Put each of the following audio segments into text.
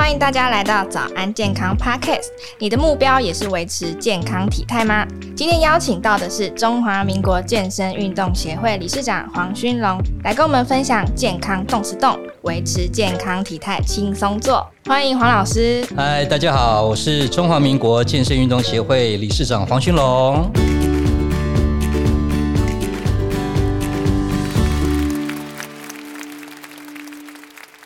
歡迎大家來到早安健康 Podcast。你的目標也是維持健康體態嗎？今天邀請到的是中華民國健身運動協會理事長黃薰隆，來跟我們分享健康動吃動，維持健康體態輕鬆做。歡迎黃老師。嗨，大家好，我是中華民國健身運動協會理事長黃薰隆。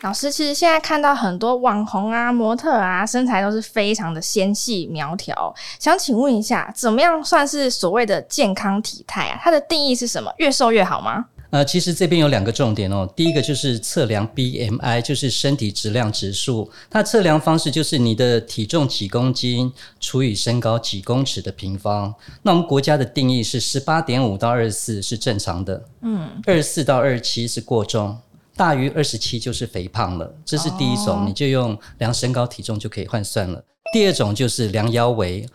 老師，其實現在看到很多網紅啊、模特啊，身材都是非常的纖細苗條。想請問一下，怎麼樣算是所謂的健康體態啊？它的定義是什麼？越瘦越好嗎？呃，其實這邊有兩個重點哦、喔。第一個就是測量 BMI，就是身體質量指數。它的測量方式就是你的體重幾公斤除以身高幾公尺的平方。那我們國家的定義是十八點五到二十四是正常的，嗯，二十四到二十七是過重。大於二十七就是肥胖了，這是第一種，oh. 你就用量身高體重就可以換算了。第二種就是量腰圍，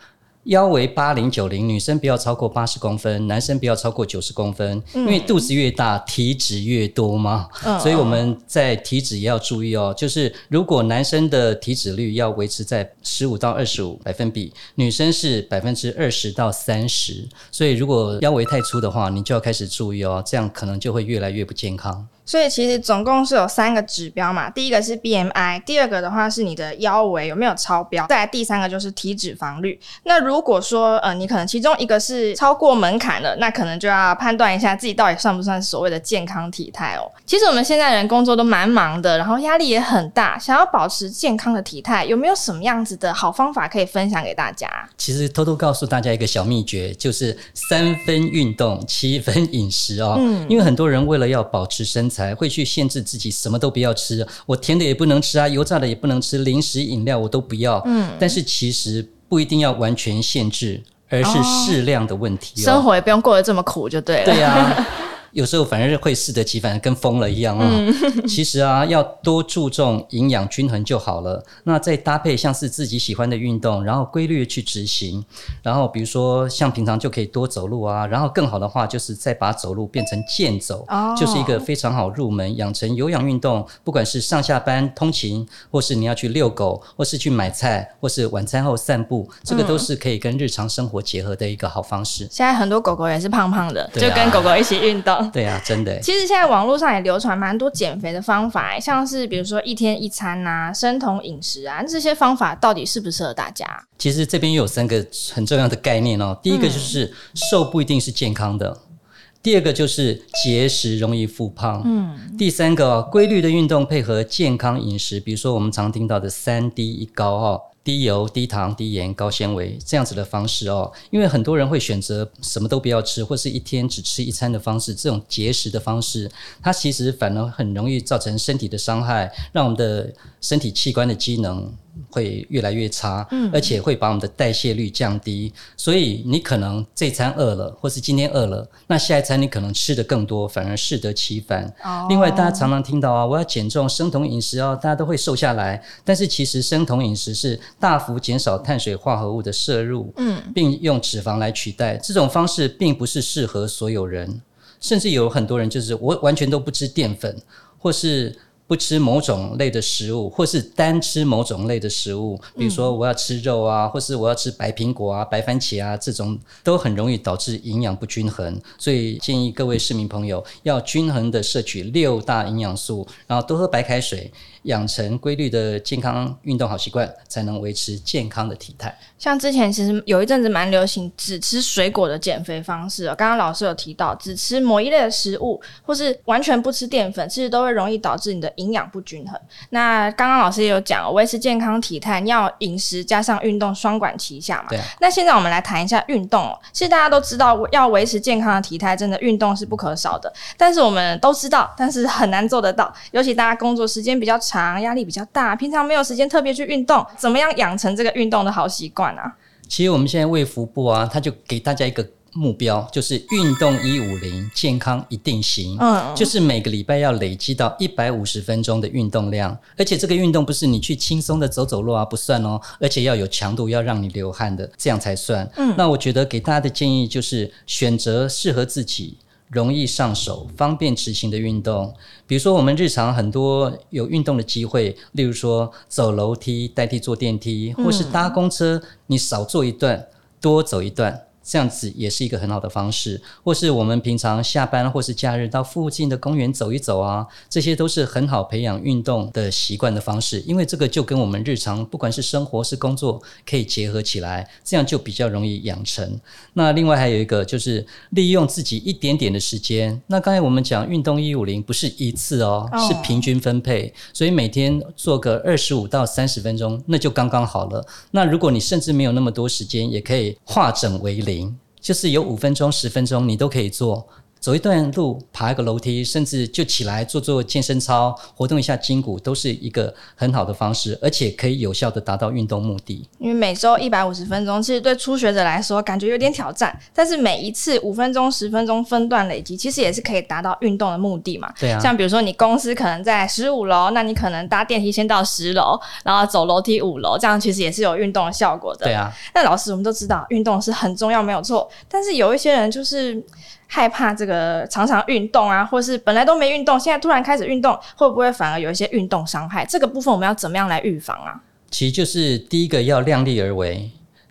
腰圍八零九零，女生不要超過八十公分，男生不要超過九十公分，嗯、因為肚子越大體脂越多嘛，oh. 所以我們在體脂也要注意哦。就是如果男生的體脂率要維持在十五到二十五百分比，女生是百分之二十到三十，所以如果腰圍太粗的話，你就要開始注意哦，這樣可能就會越來越不健康。所以其實總共是有三個指標嘛，第一個是 BMI，第二個的話是你的腰圍有沒有超標，再來第三個就是體脂肪率。那如果說呃你可能其中一個是超過門檻了，那可能就要判斷一下自己到底算不算所謂的健康體態哦。其實我們現在人工作都蠻忙的，然後壓力也很大，想要保持健康的體態，有沒有什麼樣子的好方法可以分享給大家？其實偷偷告訴大家一個小秘訣，就是三分運動，七分飲食哦。嗯，因為很多人為了要保持身材。才會去限制自己什麼都不要吃，我甜的也不能吃啊，油炸的也不能吃，零食飲料我都不要。嗯，但是其實不一定要完全限制，而是適量的問題。哦哦。生活也不用過得這麼苦，就對了。對呀。啊。 有時候反而是會適得其反，跟瘋了一樣啊！嗯嗯、其實啊，要多注重營養均衡就好了。那再搭配像是自己喜歡的運動，然後規律去執行，然後比如說像平常就可以多走路啊，然後更好的話就是再把走路變成健走，哦、就是一個非常好入門養成有氧運動。不管是上下班通勤，或是你要去遛狗，或是去買菜，或是晚餐後散步，這個都是可以跟日常生活結合的一個好方式。現在很多狗狗也是胖胖的，啊、就跟狗狗一起運動。對啊，真的。其實現在網絡上也流傳蠻多減肥的方法，像是比如說一天一餐吶、啊、生酮飲食啊這些方法，到底適不適合大家？其實這邊又有三個很重要的概念哦。第一個就是瘦不一定是健康的，嗯、第二個就是節食容易復胖，嗯，第三個、哦、規律的運動配合健康飲食，比如說我們常聽到的三低一高哦。低油、低糖、低鹽、高纖維這樣子的方式哦，因為很多人會選擇什麼都不要吃，或是一天只吃一餐的方式，這種節食的方式，它其實反而很容易造成身體的傷害，讓我們的身體器官的機能。會越來越差，嗯、而且會把我們的代謝率降低。所以你可能這餐餓了，或是今天餓了，那下一餐你可能吃得更多，反而適得其反。哦、另外，大家常常聽到啊，我要減重，生酮飲食哦、啊，大家都會瘦下來。但是其實生酮飲食是大幅減少碳水化合物的攝入，嗯、並用脂肪來取代。這種方式並不是適合所有人，甚至有很多人就是我完全都不吃澱粉，或是。不吃某種類的食物，或是單吃某種類的食物，比如說我要吃肉啊，或是我要吃白蘋果啊、白番茄啊，這種都很容易導致營養不均衡。所以建議各位市民朋友、嗯、要均衡的攝取六大營養素，然後多喝白開水，養成規律的健康運動好習慣，才能維持健康的體態。像之前其實有一陣子蠻流行只吃水果的減肥方式。哦，剛剛老師有提到，只吃某一類的食物，或是完全不吃澱粉，其實都會容易導致你的。營養不均衡。那剛剛老師也有講，維持健康體態要飲食加上運動雙管齊下嘛？對啊。那現在我們來談一下運動喔。其實大家都知道，要維持健康的體態，真的運動是不可少的。但是我們都知道，但是很難做得到。尤其大家工作時間比較長，壓力比較大，平常沒有時間特別去運動。怎麼樣養成這個運動的好習慣啊？其實我們現在衛福部啊，他就給大家一個。目標就是運動一五零，健康一定行。Oh. 就是每個禮拜要累積到一百五十分鐘的運動量，而且這個運動不是你去輕鬆的走走路啊，不算哦，而且要有強度，要讓你流汗的，這樣才算。嗯，那我覺得給大家的建議就是選擇適合自己、容易上手、方便執行的運動，比如說我們日常很多有運動的機會，例如說走樓梯代替坐電梯，或是搭公車，嗯，你少坐一段，多走一段。這樣子也是一個很好的方式，或是我們平常下班或是假日到附近的公園走一走啊，這些都是很好培養運動的習慣的方式。因為這個就跟我們日常不管是生活是工作可以結合起來，這樣就比較容易養成。那另外還有一個就是利用自己一點點的時間。那剛才我們講運動一五零不是一次哦，是平均分配，所以每天做個二十五到三十分鐘，那就剛剛好了。那如果你甚至沒有那麼多時間，也可以化整為零。就是有五分鐘、十分鐘，你都可以做。走一段路，爬一個樓梯，甚至就起來做做健身操，活動一下筋骨，都是一個很好的方式，而且可以有效的達到運動目的。因為每周一百五十分鐘，其實對初學者來說感覺有點挑戰，但是每一次五分鐘、十分鐘分段累積，其實也是可以達到運動的目的嘛。對啊。像比如說，你公司可能在十五樓，那你可能搭電梯先到十樓，然後走樓梯五樓，這樣其實也是有運動的效果的。對啊。那老師，我們都知道運動是很重要，沒有錯。但是有一些人就是。害怕這個常常運動啊，或是本來都沒運動，現在突然開始運動，會不會反而有一些運動傷害？這個部分我們要怎麼樣來預防啊？其實就是第一個要量力而為。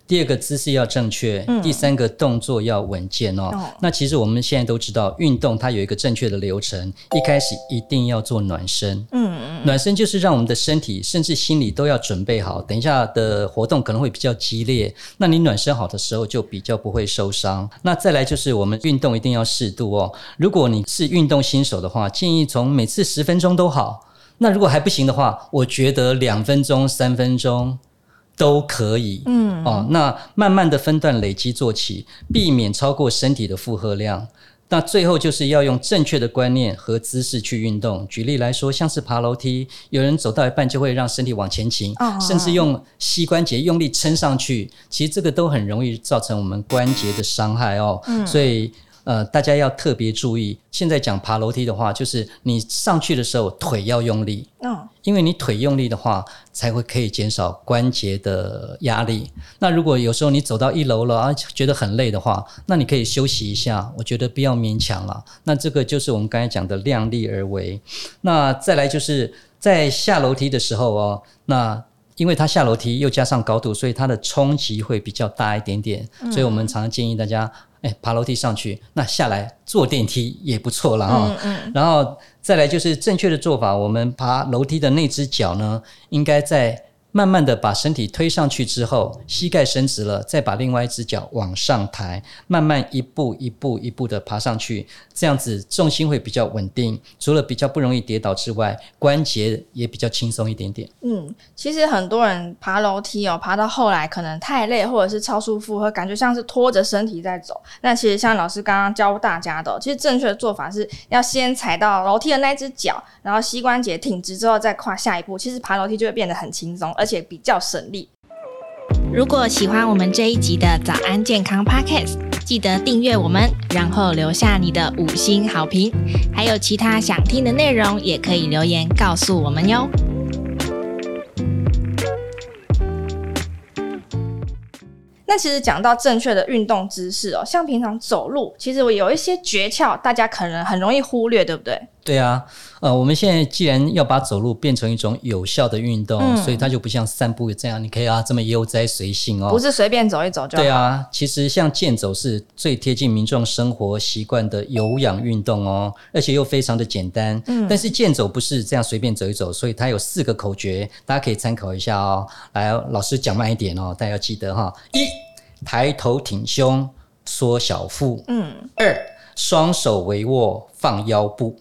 第二個姿勢要正確，第三個動作要穩健哦。嗯、哦。那其實我們現在都知道，運動它有一個正確的流程，一開始一定要做暖身。嗯嗯，暖身就是讓我們的身體甚至心理都要準備好，等一下的活動可能會比較激烈。那你暖身好的時候就比較不會受傷。那再來就是我們運動一定要適度哦。如果你是運動新手的話，建議從每次十分鐘都好。那如果還不行的話，我覺得兩分鐘、三分鐘。都可以，嗯，哦，那慢慢的分段累積做起，避免超過身體的負荷量。那最後就是要用正確的觀念和姿勢去運動。舉例來說，像是爬樓梯，有人走到一半就會讓身體往前傾，哦、甚至用膝關節用力撐上去，其實這個都很容易造成我們關節的傷害哦。嗯、所以。呃，大家要特別注意，現在講爬樓梯的話，就是你上去的時候腿要用力，嗯、哦，因為你腿用力的話，才會可以減少關節的壓力。那如果有時候你走到一樓了啊，覺得很累的話，那你可以休息一下，我覺得不要勉強了。那這個就是我們剛才講的量力而為。那再來就是在下樓梯的時候哦，那因為它下樓梯又加上高度，所以它的衝擊會比較大一點點，嗯、所以我們常常建議大家。哎，爬樓梯上去，那下來坐電梯也不錯了哈。嗯嗯。然後再來就是正確的做法，我們爬樓梯的那只腳呢，應該在。慢慢的把身體推上去之後，膝蓋伸直了，再把另外一隻腳往上抬，慢慢一步一步一步的爬上去，這樣子重心會比較穩定，除了比較不容易跌倒之外，關節也比較輕鬆一點點。嗯，其實很多人爬樓梯哦、喔，爬到後來可能太累，或者是超負荷，會感覺像是拖着身體在走。那其實像老師剛剛教大家的，其實正確的做法是要先踩到樓梯的那隻腳，然後膝關節挺直之後再跨下一步，其實爬樓梯就會變得很輕鬆。而且比較省力。如果喜歡我們這一集的早安健康 Podcast，記得訂閱我們，然後留下你的五星好評。還有其他想聽的內容，也可以留言告訴我們喲。那其實講到正確的運動姿勢哦，像平常走路，其實我有一些訣竅，大家可能很容易忽略，對不對？對啊，呃，我們現在既然要把走路變成一種有效的運動，嗯、所以它就不像散步這樣，你可以啊這麼悠哉隨性哦，不是隨便走一走就好對啊。其實像健走是最貼近民眾生活習慣的有氧運動哦，而且又非常的簡單。嗯、但是健走不是這樣隨便走一走，所以它有四個口訣，大家可以參考一下哦。來哦，老師講慢一點哦，大家要記得哈、哦。一，抬頭挺胸，縮小腹。嗯。二，雙手微握，放腰部。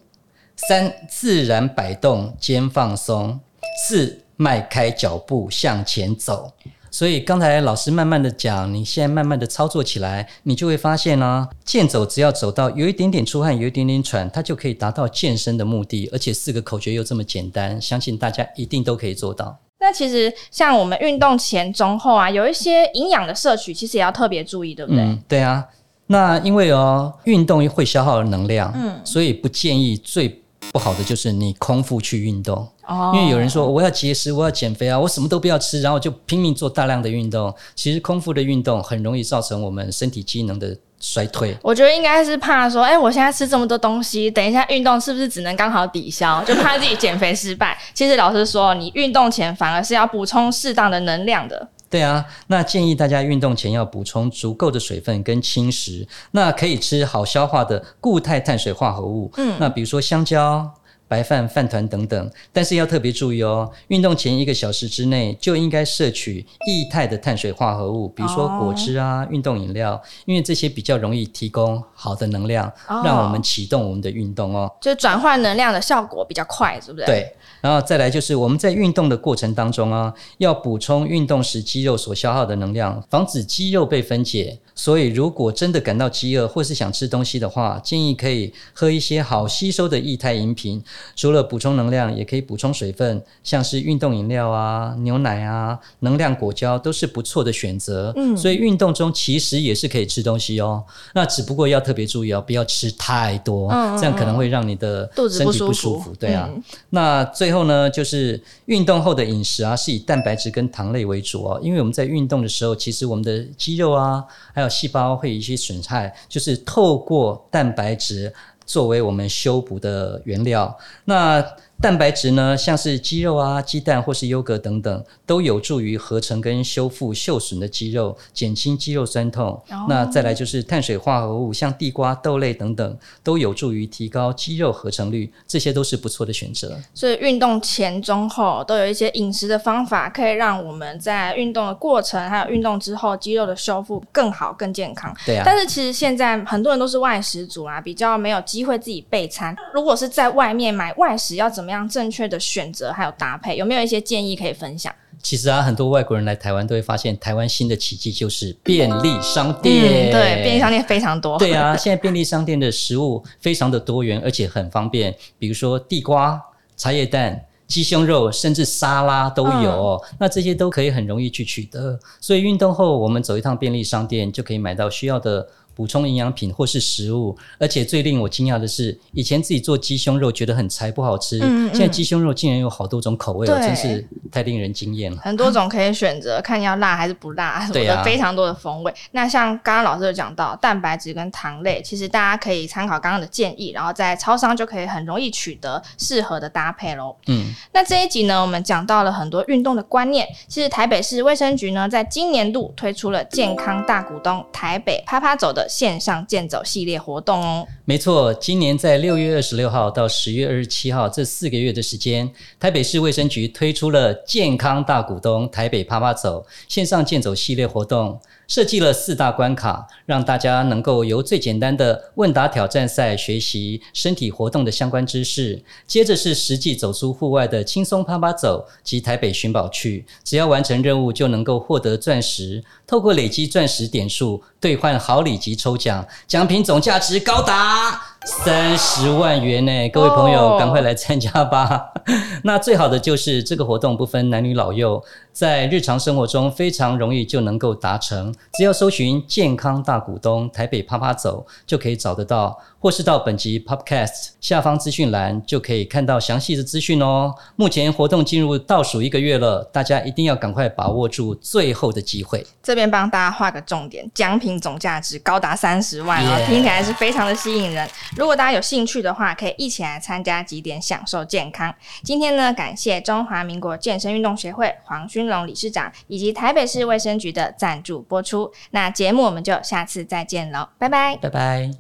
三，自然擺動，肩放鬆；四，邁開腳步向前走。所以剛才老師慢慢的講，你現在慢慢的操作起來，你就會發現呢、喔，健走只要走到有一點點出汗，有一點點喘，它就可以達到健身的目的。而且四個口訣又這麼簡單，相信大家一定都可以做到。那其實像我們運動前、中、後啊，有一些營養的攝取，其實也要特別注意，對不對？嗯、對啊。那因為哦、喔，運動會消耗能量，嗯，所以不建議最不好的就是你空腹去運動，oh. 因為有人說我要節食，我要減肥啊，我什麼都不要吃，然後就拼命做大量的運動。其實空腹的運動很容易造成我們身體機能的衰退。我覺得應該是怕說，哎、欸，我現在吃這麼多東西，等一下運動是不是只能剛好抵消？就怕自己減肥失敗。 其實老師說，你運動前反而是要補充適當的能量的。對啊，那建議大家運動前要補充足夠的水分跟輕食，那可以吃好消化的固態碳水化合物，嗯，那比如說香蕉。白飯、飯糰等等，但是要特別注意哦，運動前一個小時之內就應該攝取液態的碳水化合物，比如說果汁啊、哦、運動飲料，因為這些比較容易提供好的能量，哦、讓我們啟動我們的運動哦。就轉換能量的效果比較快，是不是？對。然後再來就是我們在運動的過程當中啊，要補充運動時肌肉所消耗的能量，防止肌肉被分解。所以如果真的感到飢餓或是想吃東西的話，建議可以喝一些好吸收的液態飲品。除了補充能量，也可以補充水分，像是運動飲料啊、牛奶啊、能量果膠都是不錯的選擇。嗯。所以運動中其實也是可以吃東西哦，那只不過要特別注意哦，不要吃太多，嗯嗯嗯，這樣可能會讓你的身體不舒服。對啊，嗯。那最後呢，就是運動後的飲食啊，是以蛋白質跟糖類為主哦，因為我們在運動的時候，其實我們的肌肉啊，還有細胞會有一些損害，就是透過蛋白質。作為我們修補的原料，那。蛋白質呢，像是雞肉啊、雞蛋或是優格等等，都有助於合成跟修復受損的肌肉，減輕肌肉酸痛。Oh. 那再來就是碳水化合物，像地瓜、豆類等等，都有助於提高肌肉合成率，這些都是不錯的選擇。所以運動前、中、後都有一些飲食的方法，可以讓我們在運動的過程還有運動之後，肌肉的修復更好、更健康。對啊。但是其實現在很多人都是外食族啊，比較沒有機會自己備餐。如果是在外面買外食，要怎麼？怎樣正確的選擇還有搭配，有沒有一些建議可以分享？其實啊，很多外國人來台灣都會發現，台灣新的奇蹟就是便利商店。嗯。對，便利商店非常多。對啊，現在便利商店的食物非常的多元，而且很方便。比如說地瓜、茶葉蛋、雞胸肉，甚至沙拉都有。嗯、那這些都可以很容易去取得。所以運動後，我們走一趟便利商店，就可以買到需要的補充營養品或是食物，而且最令我驚訝的是，以前自己做雞胸肉覺得很柴不好吃，嗯嗯，現在雞胸肉竟然有好多種口味了，對真是太令人驚艷了。很多種可以選擇，啊、看要辣還是不辣，對啊，非常多的風味。啊、那像剛剛老師有講到蛋白質跟糖類，其實大家可以參考剛剛的建議，然後在超商就可以很容易取得適合的搭配嘍。嗯，那這一集呢，我們講到了很多運動的觀念。其實台北市衛生局呢，在今年度推出了健康大穀東台北趴趴走的線上健走系列活動哦，沒錯，今年在六月二十六號到十月二十七號這四個月的時間，台北市衛生局推出了健康大穀東台北趴趴走線上健走系列活動，設計了四大關卡，讓大家能夠由最簡單的問答挑戰賽學習身體活動的相關知識，接着是實際走出戶外的輕鬆趴趴走及台北尋寶趣，只要完成任務就能夠獲得鑽石，透過累積鑽石點數兌換好禮，抽獎，獎品總價值高達三十萬元呢、欸！各位朋友，趕、oh. 快來參加吧！ 那最好的就是這個活動不分男女老幼。在日常生活中非常容易就能夠達成，只要搜尋“健康大穀東臺北趴趴走”就可以找得到，或是到本集 Podcast 下方資訊欄就可以看到詳細的資訊哦。目前活動進入倒數一個月了，大家一定要趕快把握住最後的機會。這邊幫大家畫個重點，獎品總價值高達三十萬，Yeah 聽起來是非常的吸引人。如果大家有興趣的話，可以一起來參加，幾點享受健康。今天呢，感謝中華民國健身運動協會黃薰隆理事長以及台北市衛生局的贊助播出，那節目我們就下次再見嘍，拜拜，拜拜。